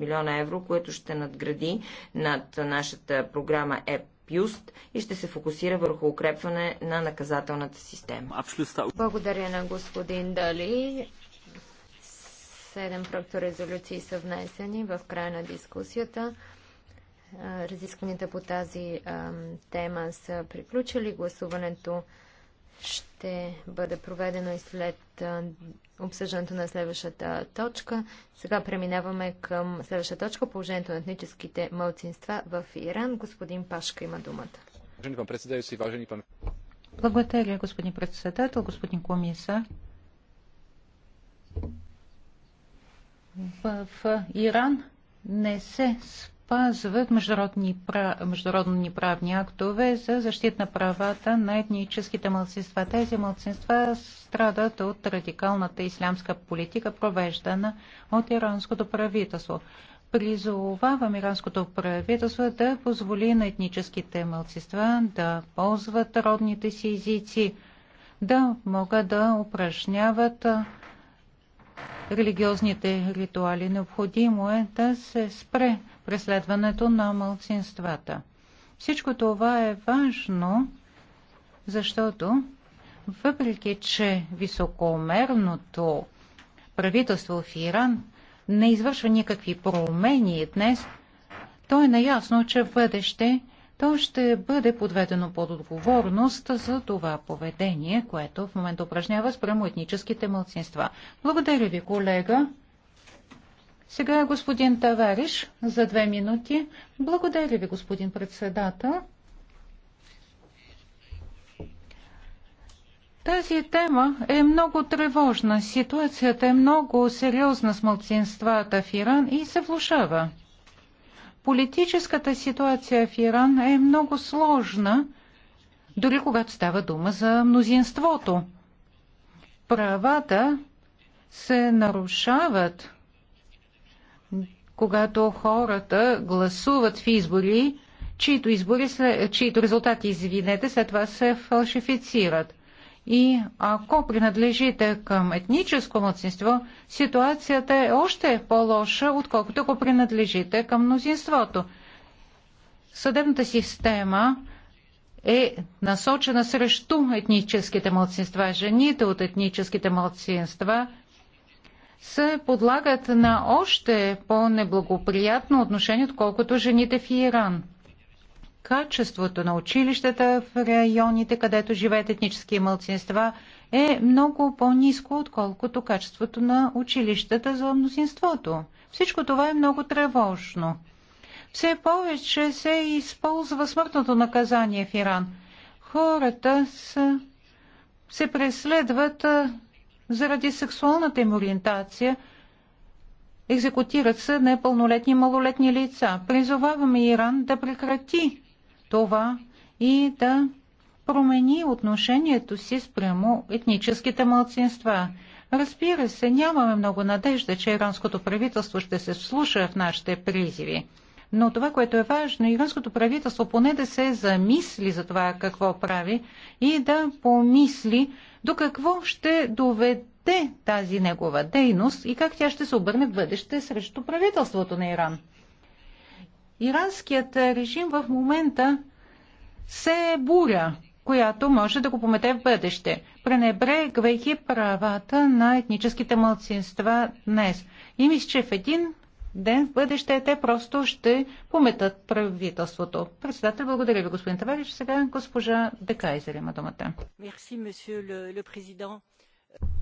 милиона евро, което ще надгради над нашата програма ЕП Юст и ще се фокусира върху укрепване на наказателната система. Благодаря на господин Дали. Седем проекторезолюции са внесени в края на дискусията. Разискванията по тази тема са приключили. Гласуването ще бъде проведено и след обсъждането на следващата точка. Сега преминаваме към следващата точка положението на етническите мълцинства в Иран. Господин Пашка има думата. Благодаря, господин председател, господин комисар. В Иран не се спазва спазват международни, прав... международни правни актове за защита на правата на етническите мълцинства. Тези мълцинства страдат от радикалната ислямска политика, провеждана от иранското правителство. Призовавам иранското правителство да позволи на етническите мълцинства да ползват родните си езици, да могат да упражняват религиозните ритуали. Необходимо е да се спре преследването на мълцинствата. Всичко това е важно, защото въпреки, че високомерното правителство в Иран не извършва никакви промени днес, то е наясно, че в бъдеще то ще бъде подведено под отговорност за това поведение, което в момента упражнява спрямо етническите мълцинства. Благодаря ви, колега. Сега господин Тавариш за две минути. Благодаря ви, господин председател. Тази тема е много тревожна. Ситуацията е много сериозна с мълцинствата в Иран и се влушава. Политическата ситуация в Иран е много сложна, дори когато става дума за мнозинството. Правата се нарушават, когато хората гласуват в избори, чието, избори, чието резултати, извинете, след това се фалшифицират. И ако принадлежите към етническо младсинство, ситуацията е още по-лоша, отколкото ако принадлежите към мнозинството. Съдебната система е насочена срещу етническите младсинства. Жените от етническите младсинства се подлагат на още по-неблагоприятно отношение, отколкото жените в Иран – качеството на училищата в районите, където живеят етнически мълцинства, е много по-низко, отколкото качеството на училищата за мнозинството. Всичко това е много тревожно. Все повече се използва смъртното наказание в Иран. Хората са, се преследват заради сексуалната им ориентация, екзекутират се непълнолетни малолетни лица. Призоваваме Иран да прекрати това и да промени отношението си спрямо етническите мълцинства. Разбира се, нямаме много надежда, че иранското правителство ще се вслуша в нашите призиви. Но това, което е важно, иранското правителство поне да се замисли за това какво прави и да помисли до какво ще доведе тази негова дейност и как тя ще се обърне в бъдеще срещу правителството на Иран. Иранският режим в момента се е буря, която може да го помете в бъдеще, пренебрегвайки правата на етническите мълцинства днес. И мисля, че в един ден в бъдеще те просто ще пометат правителството. Председател, благодаря ви, господин Таварич. Сега госпожа Декайзер има думата.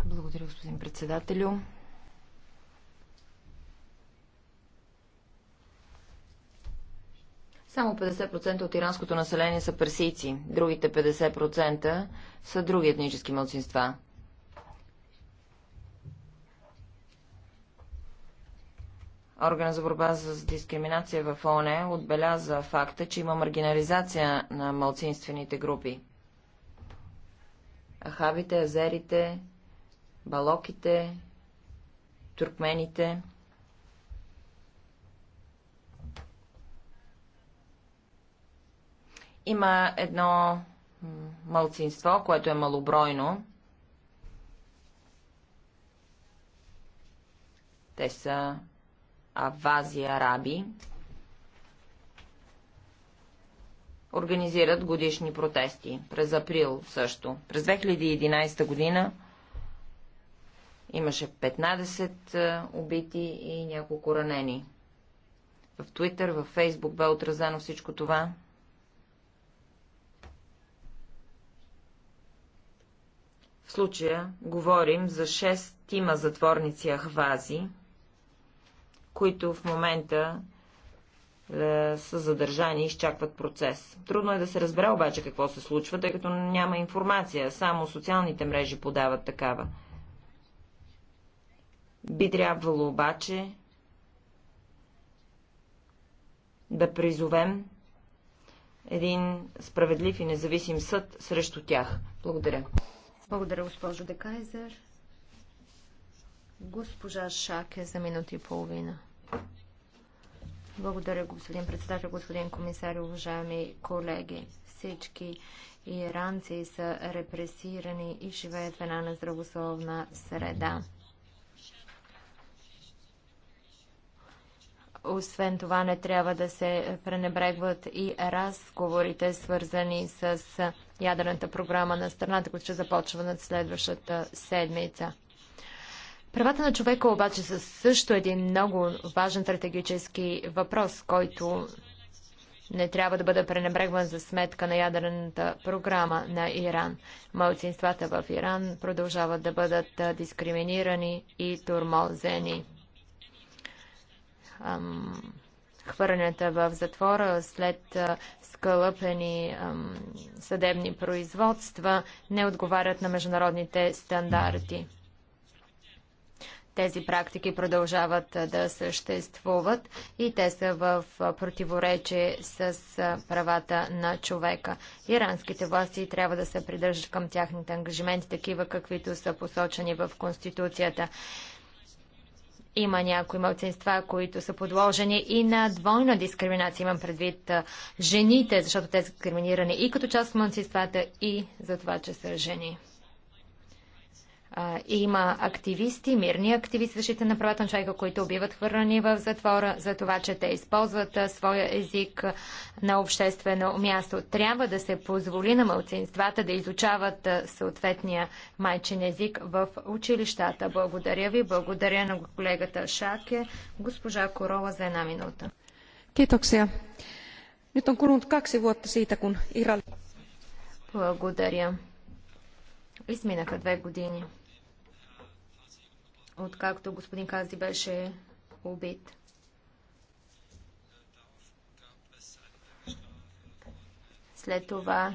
Благодаря, господин председателю. Само 50% от иранското население са персийци, другите 50% са други етнически младсинства. Органът за борба с дискриминация в ООН отбеляза факта, че има маргинализация на малцинствените групи. Ахабите, азерите, балоките, туркмените. Има едно мълцинство, което е малобройно. Те са авази араби. Организират годишни протести. През април също. През 2011 година имаше 15 е, убити и няколко ранени. В Твитър, в Фейсбук бе отразено всичко това. В случая говорим за шест тима затворници Ахвази, които в момента е, са задържани и изчакват процес. Трудно е да се разбере обаче какво се случва, тъй като няма информация, само социалните мрежи подават такава. Би трябвало обаче да призовем един справедлив и независим съд срещу тях. Благодаря. Благодаря, госпожо Декайзер. Госпожа Шаке за минута и половина. Благодаря, господин председател, господин комисар, уважаеми колеги. Всички иранци са репресирани и живеят в една нездравословна среда. Освен това, не трябва да се пренебрегват и разговорите, свързани с ядрената програма на страната, която ще започва над следващата седмица. Правата на човека обаче са също един много важен стратегически въпрос, който не трябва да бъде пренебрегван за сметка на ядрената програма на Иран. Малцинствата в Иран продължават да бъдат дискриминирани и турмозени. Ам хвърнята е в затвора след скълъпени съдебни производства, не отговарят на международните стандарти. Тези практики продължават да съществуват и те са в противоречие с правата на човека. Иранските власти трябва да се придържат към тяхните ангажименти, такива каквито са посочени в Конституцията. Има някои мълцинства, които са подложени и на двойна дискриминация. Имам предвид жените, защото те са дискриминирани и като част от мълцинствата, и за това, че са жени има активисти, мирни активисти, защита на правата на човека, които убиват хвърлени в затвора за това, че те използват своя език на обществено място. Трябва да се позволи на мълцинствата да изучават съответния майчин език в училищата. Благодаря ви, благодаря на колегата Шаке, госпожа Корола за една минута. Китоксия. Nyt on как kaksi vuotta siitä, kun Iran... Благодаря. Изминаха две години откакто господин Кази беше убит. След това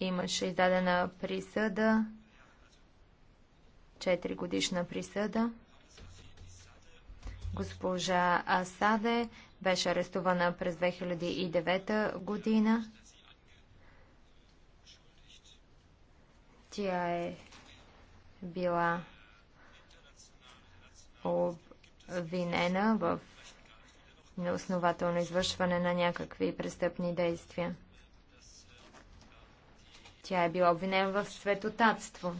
имаше издадена присъда, 4 годишна присъда. Госпожа Асаде беше арестувана през 2009 година. Тя е била обвинена в неоснователно извършване на някакви престъпни действия. Тя е била обвинена в светотатство.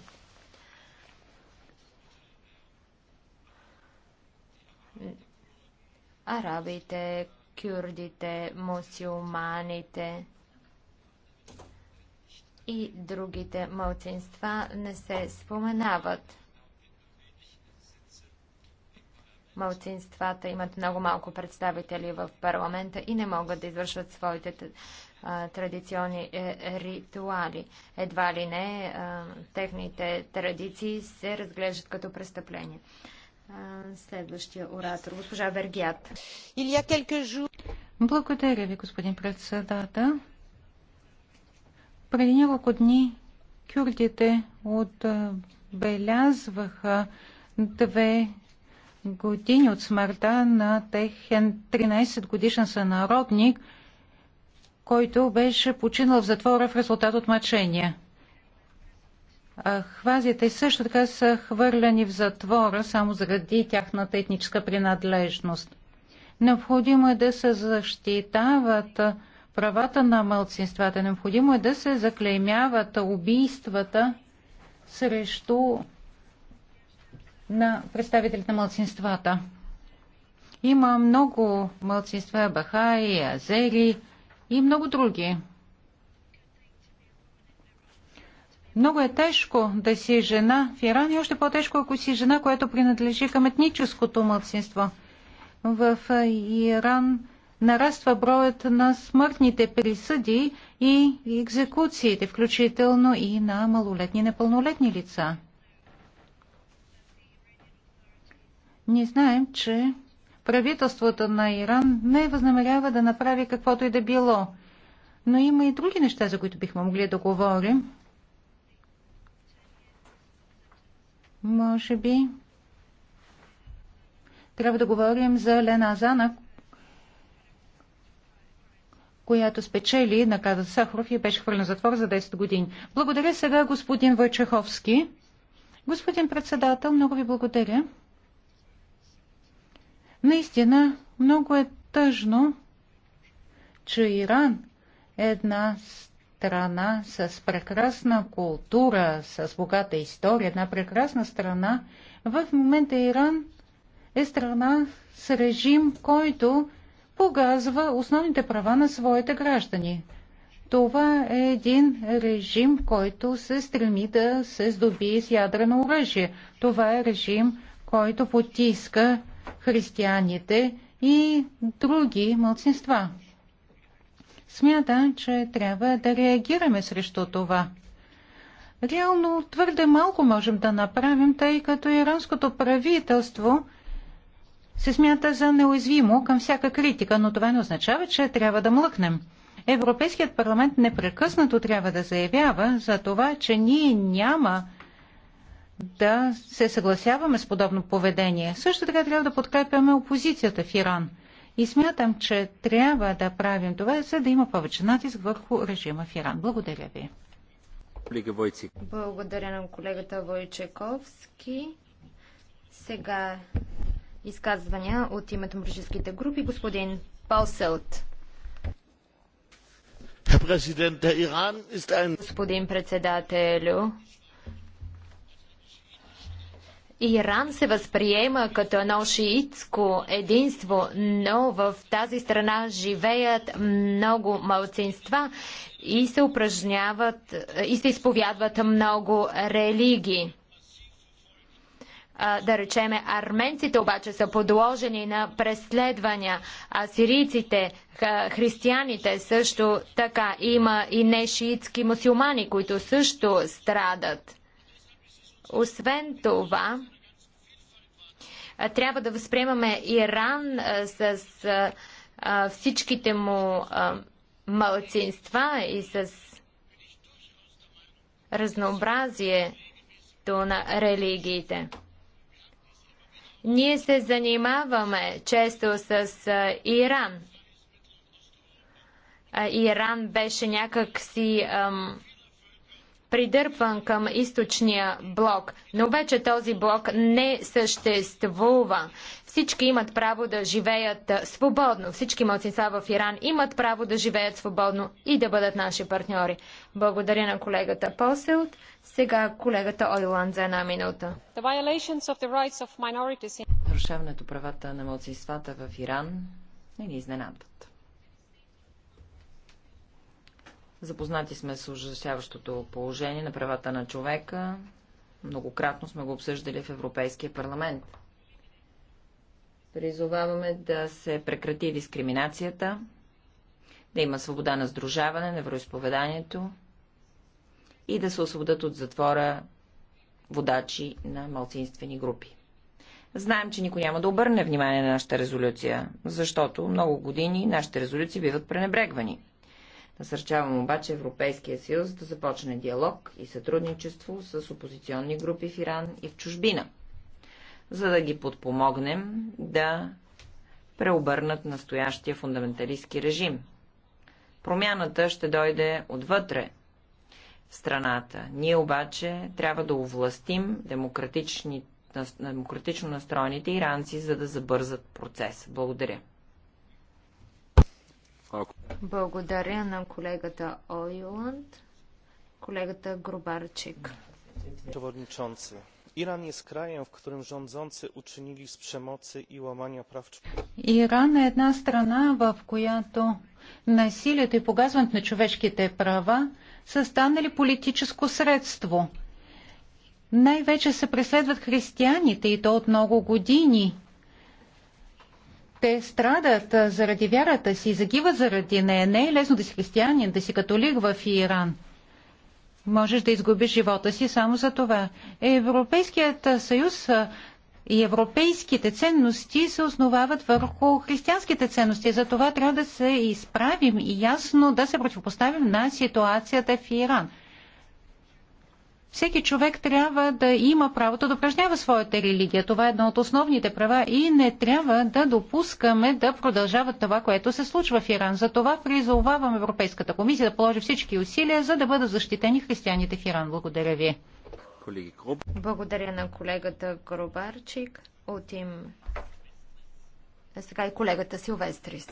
Арабите, кюрдите, мусулманите и другите мълцинства не се споменават. Малцинствата имат много малко представители в парламента и не могат да извършват своите традиционни е, ритуали. Едва ли не, техните традиции се разглеждат като престъпление. Следващия оратор, госпожа Вергият. Илия Келкежу. Благодаря ви, господин председател. Преди няколко дни кюрдите отбелязваха две години от смъртта на техен 13-годишен сънародник, който беше починал в затвора в резултат от мъчения. Хвазите също така са хвърляни в затвора само заради тяхната етническа принадлежност. Необходимо е да се защитават правата на мълцинствата. Необходимо е да се заклеймяват убийствата срещу на представителите на младсинствата. Има много младсинства, бахаи, азери и много други. Много е тежко да си жена в Иран и още по-тежко, ако си жена, която принадлежи към етническото младсинство. В Иран нараства броят на смъртните присъди и екзекуциите, включително и на малолетни и непълнолетни лица. Ние знаем, че правителството на Иран не възнамерява да направи каквото и да било. Но има и други неща, за които бихме могли да говорим. Може би трябва да говорим за Лена Азана, която спечели наказа Сахаров и беше хвърлен затвор за 10 години. Благодаря сега господин Войчеховски. Господин председател, много ви благодаря. Наистина, много е тъжно, че Иран е една страна с прекрасна култура, с богата история, една прекрасна страна. В момента Иран е страна с режим, който погазва основните права на своите граждани. Това е един режим, който се стреми да се здобие с ядрено оръжие. Това е режим, който потиска християните и други мълцинства. Смята, че трябва да реагираме срещу това. Реално твърде малко можем да направим, тъй като иранското правителство се смята за неуязвимо към всяка критика, но това не означава, че трябва да млъкнем. Европейският парламент непрекъснато трябва да заявява за това, че ние няма да се съгласяваме с подобно поведение. Също така трябва да подкрепяме опозицията в Иран. И смятам, че трябва да правим това, за да има повече натиск върху режима в Иран. Благодаря ви. Благодаря на колегата Войчековски. Сега изказвания от името на политическите групи. Господин Палселт. Господин председателю, Иран се възприема като едно шиитско единство, но в тази страна живеят много малцинства и се упражняват и се изповядват много религии. да речеме, арменците обаче са подложени на преследвания, а сирийците, християните също така. Има и нешиитски мусулмани, които също страдат. Освен това, трябва да възприемаме Иран с всичките му малцинства и с разнообразието на религиите. Ние се занимаваме често с Иран. Иран беше някакси ам, придърпан към източния блок, но вече този блок не съществува. Всички имат право да живеят свободно. Всички младсинца в Иран имат право да живеят свободно и да бъдат наши партньори. Благодаря на колегата Поселт. Сега колегата Ойланд за една минута. Нарушаването правата на младсинствата в Иран не ни изненадват. Запознати сме с ужасяващото положение на правата на човека. Многократно сме го обсъждали в Европейския парламент. Призоваваме да се прекрати дискриминацията, да има свобода на сдружаване, на вероисповеданието и да се освободят от затвора водачи на малцинствени групи. Знаем, че никой няма да обърне внимание на нашата резолюция, защото много години нашите резолюции биват пренебрегвани. Насърчавам обаче Европейския съюз да започне диалог и сътрудничество с опозиционни групи в Иран и в чужбина, за да ги подпомогнем да преобърнат настоящия фундаменталистски режим. Промяната ще дойде отвътре в страната. Ние обаче трябва да овластим демократични, демократично настроените иранци, за да забързат процес. Благодаря. Благодаря на колегата Ойланд, колегата Грубарчик. Przewodniczący. Iran jest krajem, w którym rządzący uczynili z przemocy i łamania praw Иран е една страна, в която насилието и погазването на човешките права са станали политическо средство. Най-вече се преследват християните и то от много години – те страдат заради вярата си, загиват заради нея. Не е лесно да си християнин, да си католик в Иран. Можеш да изгубиш живота си само за това. Европейският съюз и европейските ценности се основават върху християнските ценности. За това трябва да се изправим и ясно да се противопоставим на ситуацията в Иран. Всеки човек трябва да има правото да упражнява своята религия. Това е едно от основните права и не трябва да допускаме да продължават това, което се случва в Иран. За това призовавам Европейската комисия да положи всички усилия, за да бъдат защитени християните в Иран. Благодаря ви. Благодаря на колегата Гробарчик от им. Сега и колегата Силвестрис.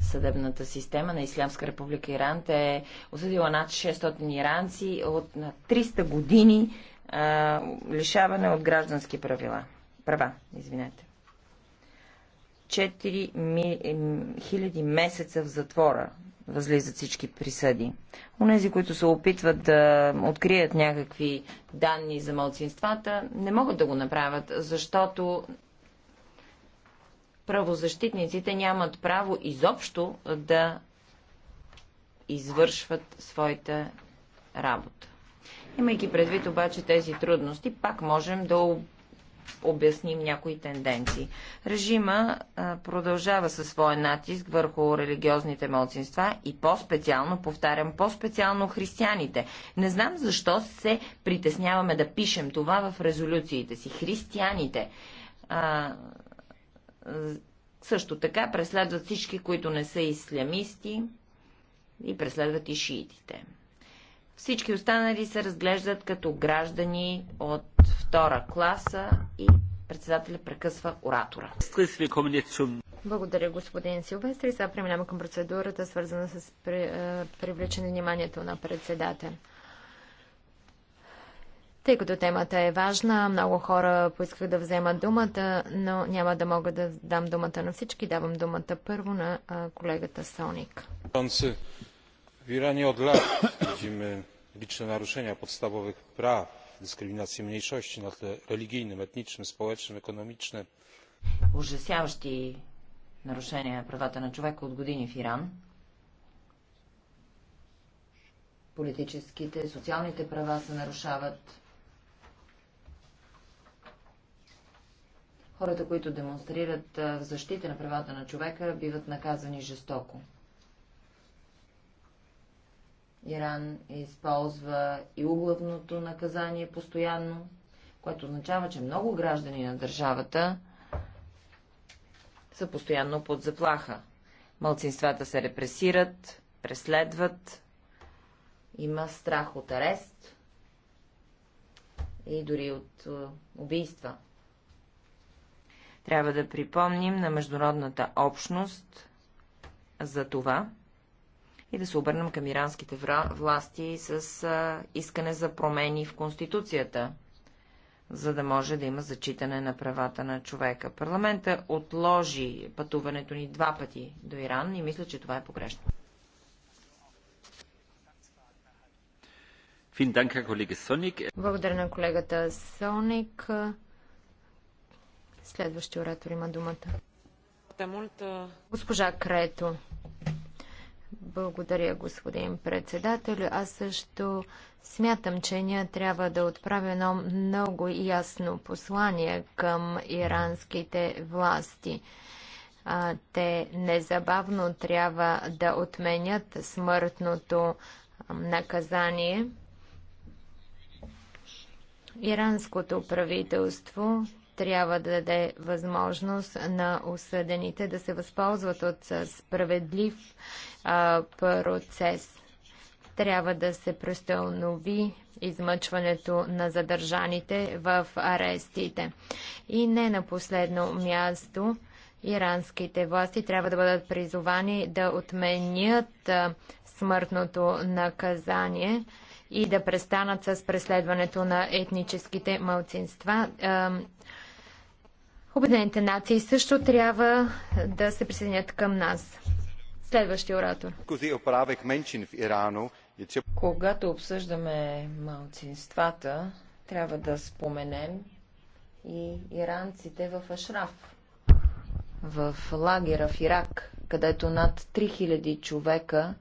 Съдебната система на Ислямска република Иран е осъдила над 600 иранци от на 300 години а, лишаване от граждански правила. Права, извинете. 4000 месеца в затвора възлизат всички присъди. Онези, които се опитват да открият някакви данни за малцинствата, не могат да го направят, защото правозащитниците нямат право изобщо да извършват своята работа. Имайки предвид обаче тези трудности, пак можем да обясним някои тенденции. Режима продължава със своя натиск върху религиозните младсинства и по-специално, повтарям, по-специално християните. Не знам защо се притесняваме да пишем това в резолюциите си. Християните. А, също така преследват всички, които не са ислямисти и преследват и шиитите. Всички останали се разглеждат като граждани от втора класа и председателя прекъсва оратора. Благодаря, господин Силвестри. Сега преминаваме към процедурата, свързана с при, привличане вниманието на председателя. Тъй като темата е важна, много хора поисках да взема думата, но няма да мога да дам думата на всички. Давам думата първо на колегата Соник. В Iranie от lat лични нарушения naruszenia podstawowych прав, дискриминация mniejszości na tle religijnym, etnicznym, społecznym, ekonomicznym. Ужасяващи нарушения на правата на човека от години в Иран. Политическите, социалните права се нарушават, Хората, които демонстрират в защита на правата на човека, биват наказани жестоко. Иран използва и углавното наказание постоянно, което означава, че много граждани на държавата са постоянно под заплаха. Малцинствата се репресират, преследват, има страх от арест и дори от убийства. Трябва да припомним на международната общност за това и да се обърнем към иранските власти с искане за промени в Конституцията, за да може да има зачитане на правата на човека. Парламента отложи пътуването ни два пъти до Иран и мисля, че това е погрешно. Благодаря на колегата Соник. Следващия оратор има думата. Госпожа Крето. Благодаря, господин председател. Аз също смятам, че ние трябва да отправя едно много ясно послание към иранските власти. те незабавно трябва да отменят смъртното наказание. Иранското правителство трябва да даде възможност на осъдените да се възползват от справедлив а, процес. Трябва да се престанови измъчването на задържаните в арестите. И не на последно място, иранските власти трябва да бъдат призовани да отменят а, смъртното наказание и да престанат с преследването на етническите малцинства. Обединените нации също трябва да се присъединят към нас. Следващия оратор. Когато обсъждаме малцинствата, трябва да споменем и иранците в Ашраф, в лагера в Ирак, където над 3000 човека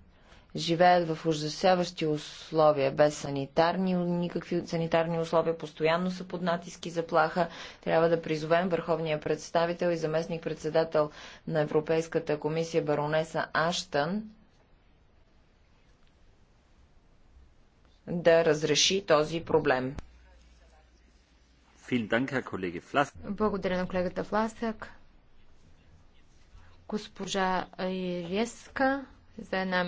живеят в ужасяващи условия, без санитарни, никакви санитарни условия, постоянно са под натиски заплаха. Трябва да призовем върховния представител и заместник-председател на Европейската комисия баронеса Аштън да разреши този проблем. Благодаря на колегата Фласък. Госпожа Иреска е,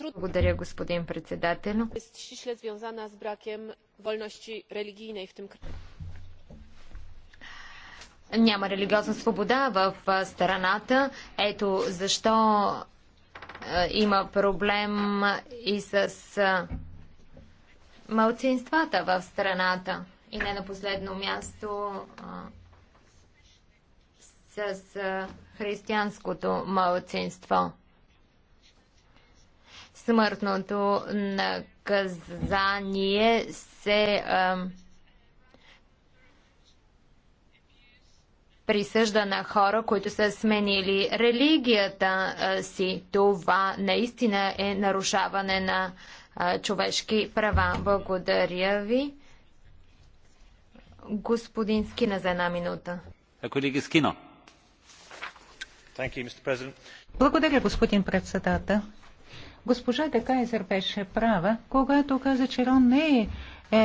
Благодаря, господин председател. Няма религиозна свобода в страната. Ето защо има проблем и с малцинствата в страната. И не на последно място с християнското малцинство. Смъртното наказание се а, присъжда на хора, които са сменили религията а, си. Това наистина е нарушаване на а, човешки права. Благодаря ви. Господин Скина за една минута. Е, колеги Скина. Благодаря, господин председател. Госпожа Декайзер беше права, когато каза, че Иран не е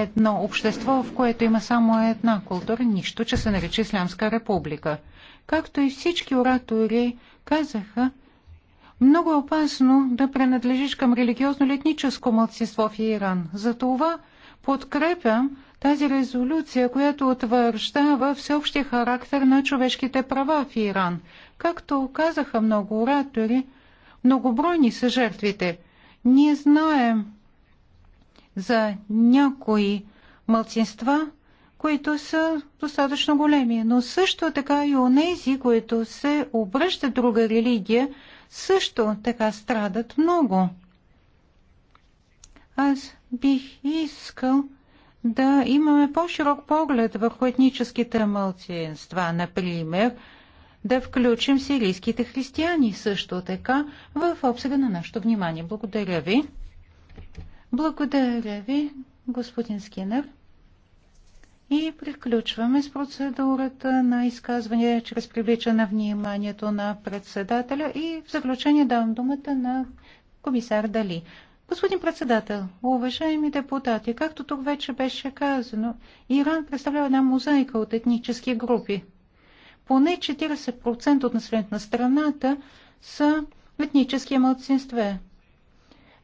едно общество, в което има само една култура, нищо, че се нарича Ислямска република. Както и всички оратори казаха, много е опасно да принадлежиш към религиозно-летническо младсинство в Иран. Затова подкрепям тази резолюция, която утвърждава всеобщия характер на човешките права в Иран. Както казаха много оратори, многобройни са жертвите. Ние знаем за някои мълцинства, които са достатъчно големи, но също така и онези, които се обръщат друга религия, също така страдат много. Аз бих искал да имаме по-широк поглед върху етническите мълцинства, например, да включим сирийските християни също така в обсега на нашето внимание. Благодаря ви. Благодаря ви, господин Скинер. И приключваме с процедурата на изказване чрез привличане на вниманието на председателя и в заключение давам думата на комисар Дали. Господин председател, уважаеми депутати, както тук вече беше казано, Иран представлява една мозайка от етнически групи. Поне 40% от населението на страната са етнически младсинстве.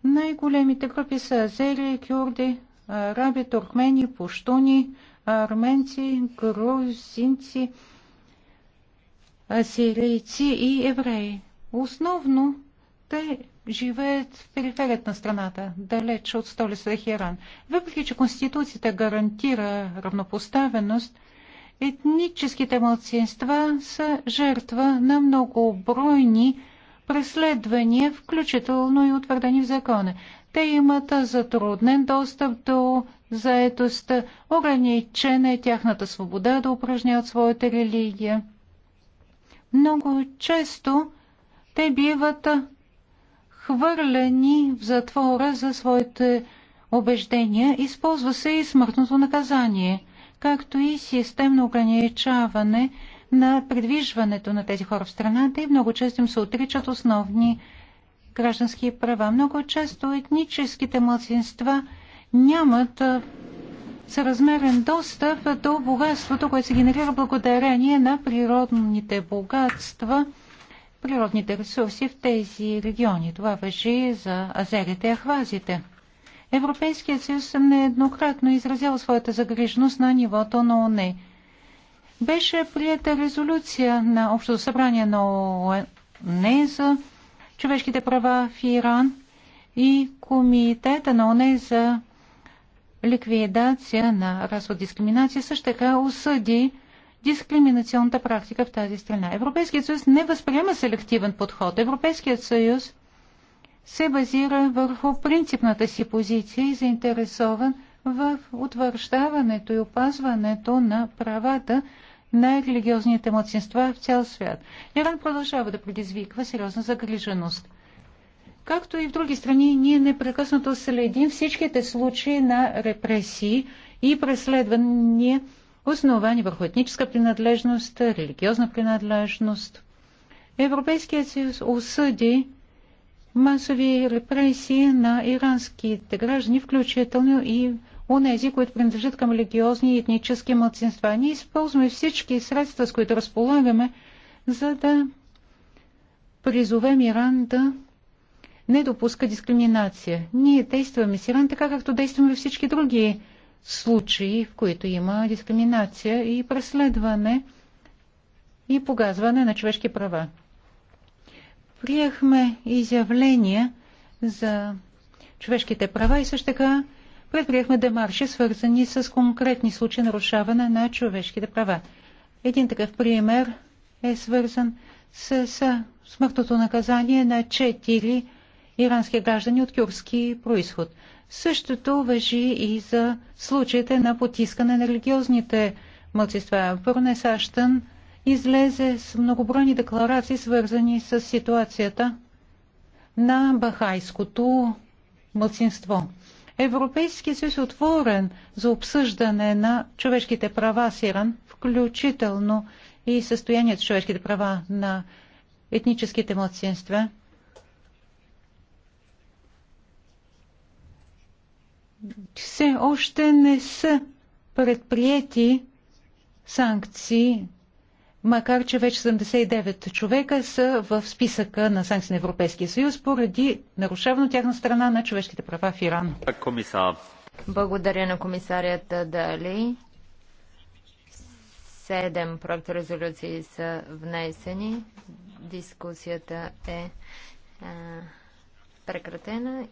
Най-големите групи са азери, кюрди, араби, туркмени, пуштуни, арменци, грузинци, асирийци и евреи. Основно те живеят в периферията на страната, далеч от столицата Хиран. Въпреки, че Конституцията гарантира равнопоставеност, етническите младсинства са жертва на многобройни преследвания, включително и утвърдени в закона. Те имат затруднен достъп до заетост, ограничена е тяхната свобода да упражняват своята религия. Много често те биват хвърлени в затвора за своите убеждения. Използва се и смъртното наказание, както и системно ограничаване на предвижването на тези хора в страната и много често им се отричат основни граждански права. Много често етническите младсинства нямат съразмерен достъп до богатството, което се генерира благодарение на природните богатства – природните ресурси в тези региони. Това въжи за азерите и ахвазите. Европейският съюз нееднократно е изразял своята загрижност на нивото на ОНЕ. Беше прията резолюция на Общото събрание на ОНЕ за човешките права в Иран и Комитета на ОНЕ за ликвидация на расова дискриминация също така осъди дискриминационната практика в тази страна. Европейският съюз не възприема селективен подход. Европейският съюз се базира върху принципната си позиция и заинтересован в утвърждаването и опазването на правата на религиозните младсинства в цял свят. Иран продължава да предизвиква сериозна загриженост. Както и в други страни, ние непрекъснато следим всичките случаи на репресии и преследвания основани върху етническа принадлежност, религиозна принадлежност. Европейският съюз осъди масови репресии на иранските граждани, включително и онези, които принадлежат към религиозни и етнически младсинства. Ние използваме всички средства, с които разполагаме, за да призовем Иран да не допуска дискриминация. Ние действаме с Иран така, както действаме всички други случаи, в които има дискриминация и преследване и погазване на човешки права. Приехме изявления за човешките права и също така предприехме демарши, свързани с конкретни случаи нарушаване на човешките права. Един такъв пример е свързан с смъртното наказание на четири ирански граждани от кюрски происход. Същото въжи и за случаите на потискане на религиозните мълцинства. Пърне Сащън излезе с многобройни декларации, свързани с ситуацията на бахайското мълцинство. Европейският съюз е отворен за обсъждане на човешките права с Иран, включително и състоянието човешките права на етническите младсинства. все още не са предприяти санкции, макар че вече 79 човека са в списъка на санкции на Европейския съюз поради нарушаване от тяхна страна на човешките права в Иран. Комисар. Благодаря на комисарията Дали. Седем проекта резолюции са внесени. Дискусията е а, прекратена и